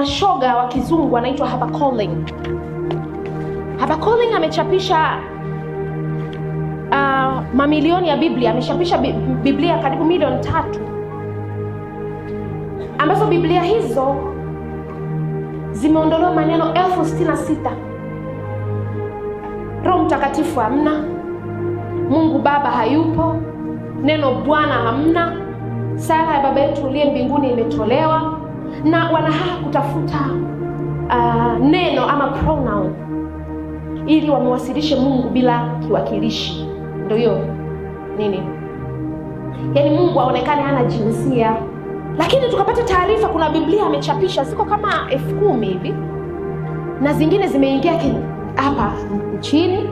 kuna shoga wa kizungu anaitwa Harper calling Harper calling amechapisha uh, mamilioni ya Biblia, amechapisha Biblia karibu milioni tatu ambazo Biblia hizo zimeondolewa maneno elfu sitini sita. Roho Mtakatifu hamna, Mungu Baba hayupo, neno Bwana hamna, sala ya Baba yetu uliye mbinguni imetolewa na wana kutafuta uh, neno ama pronoun ili wamewasilishe Mungu bila kiwakilishi. Ndio hiyo nini, yaani Mungu aonekane hana jinsia. Lakini tukapata taarifa, kuna Biblia amechapisha ziko kama elfu kumi hivi na zingine zimeingia hapa nchini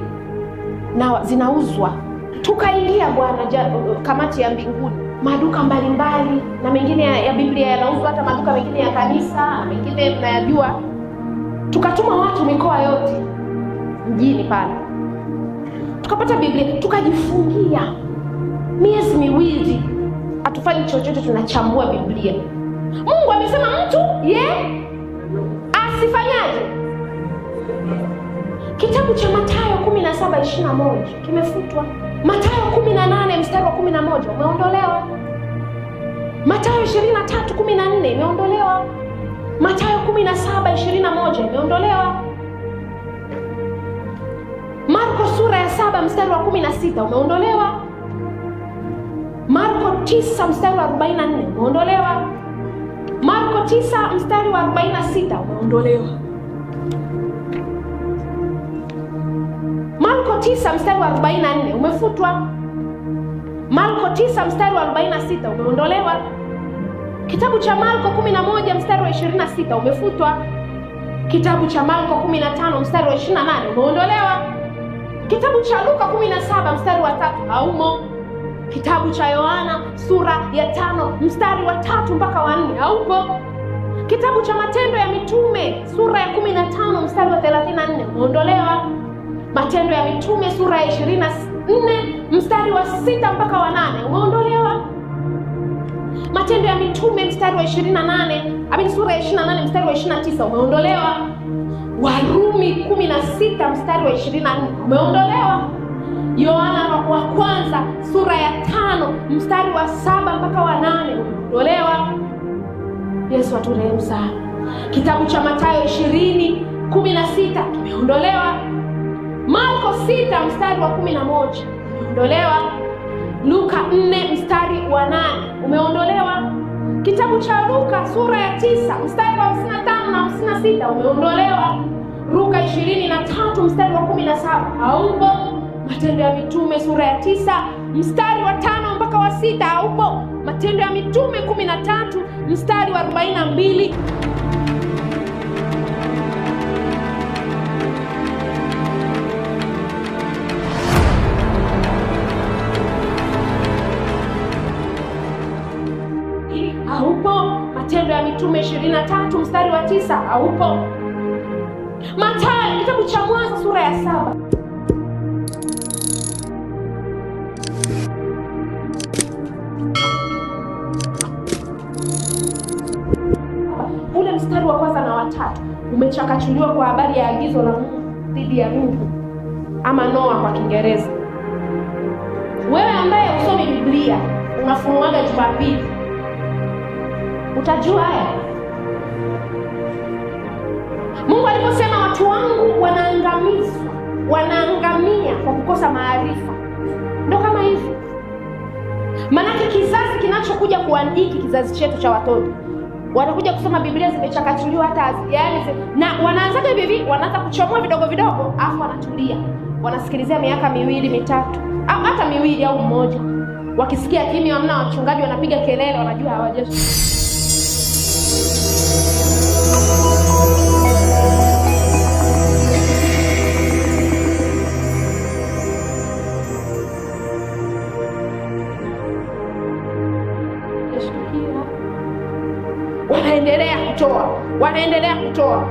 na zinauzwa. Tukaingia Bwana kamati ya mbinguni maduka mbalimbali na mengine ya, ya Biblia yanauzwa hata maduka mengine ya kanisa na mengine mnayajua. Tukatuma watu mikoa yote mjini pale, tukapata Biblia, tukajifungia miezi miwili, hatufanyi chochote, tunachambua Biblia. Mungu amesema mtu ye asifanyaje. Kitabu cha Mathayo 17:21 kimefutwa. Mathayo kumi na nane mstari wa kumi na moja umeondolewa. Mathayo ishirini na tatu kumi na nne imeondolewa. Mathayo kumi na saba ishirini na moja imeondolewa. Marko sura ya saba mstari wa kumi na sita umeondolewa. Marko tisa mstari wa arobaini na nne umeondolewa. Marko tisa mstari wa arobaini na sita umeondolewa. 9 mstari wa 44 umefutwa. Marko 9 mstari wa 46 umeondolewa. Kitabu cha Marko 11 mstari wa 26 umefutwa. Kitabu cha Marko 15 mstari wa 28 umeondolewa. Kitabu cha Luka 17 mstari wa tatu haumo. Kitabu cha Yohana sura ya tano mstari wa tatu mpaka wa nne haupo. Kitabu cha Matendo ya Mitume Matendo ya Mitume sura ya 24 mstari wa sita mpaka wa nane umeondolewa. Matendo ya Mitume mstari wa 28 amini sura ya 28 mstari wa 29 umeondolewa. Warumi 16 mstari wa 24 umeondolewa. Yohana wa kwanza sura ya tano mstari wa saba mpaka wa nane umeondolewa. Yesu aturehemu sana. Kitabu cha Mathayo 20 16 tumeondolewa. Marko 6 mstari wa 11 umeondolewa. Luka 4 mstari wa 8 umeondolewa. Kitabu cha Luka sura ya 9 mstari wa 55 na 56 umeondolewa. Luka 23 mstari wa 17 haupo. Matendo ya Mitume sura ya 9 mstari wa tano mpaka wa sita haupo. Matendo ya Mitume 13 mstari wa 42 Mitume 23 mstari wa tisa haupo? Mathayo kitabu cha Mwanzo sura ya saba ule mstari wa kwanza na watatu umechakachuliwa kwa habari ya agizo la Mungu dhidi ya Nuhu ama Noa kwa Kiingereza. Wewe ambaye usomi Biblia unafunuaga Jumapili utajua haya eh? mungu aliposema watu wangu wanaangamizwa wanaangamia kwa kukosa maarifa ndo kama hivyo maanake kizazi kinachokuja kuandiki kizazi chetu cha watoto watakuja kusoma biblia zimechakachuliwa hata yani na wanaanzaga hivi wanaanza kuchomoa vidogo vidogo afu wanatulia wanasikilizia miaka miwili mitatu au hata miwili au mmoja wakisikia kimya, hamna wachungaji wanapiga kelele, wanajua hawaja wanaendelea kutoa, wanaendelea kutoa